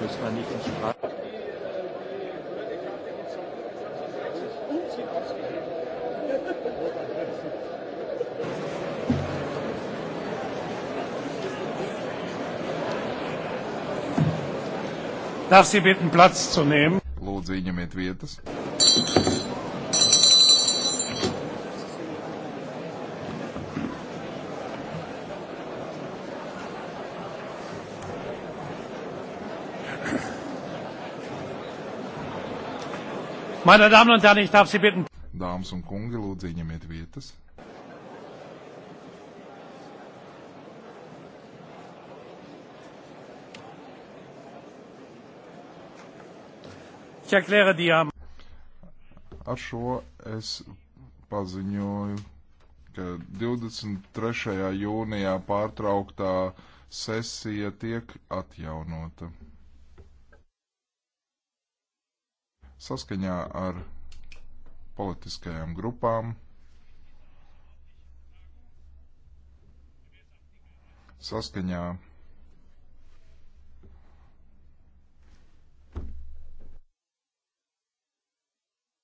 müssen wir nicht ins Streit. Darf Sie bitten, Platz zu nehmen? Lūdzu, ieņemiet vietas. Meine Damen und Herren, ich darf Sie bitten. Dāmas un kungi, lūdzu, ņemiet vietas. Ar šo es paziņoju, ka 23. jūnijā pārtrauktā sesija tiek atjaunota. saskaņā ar politiskajām grupām. Saskaņā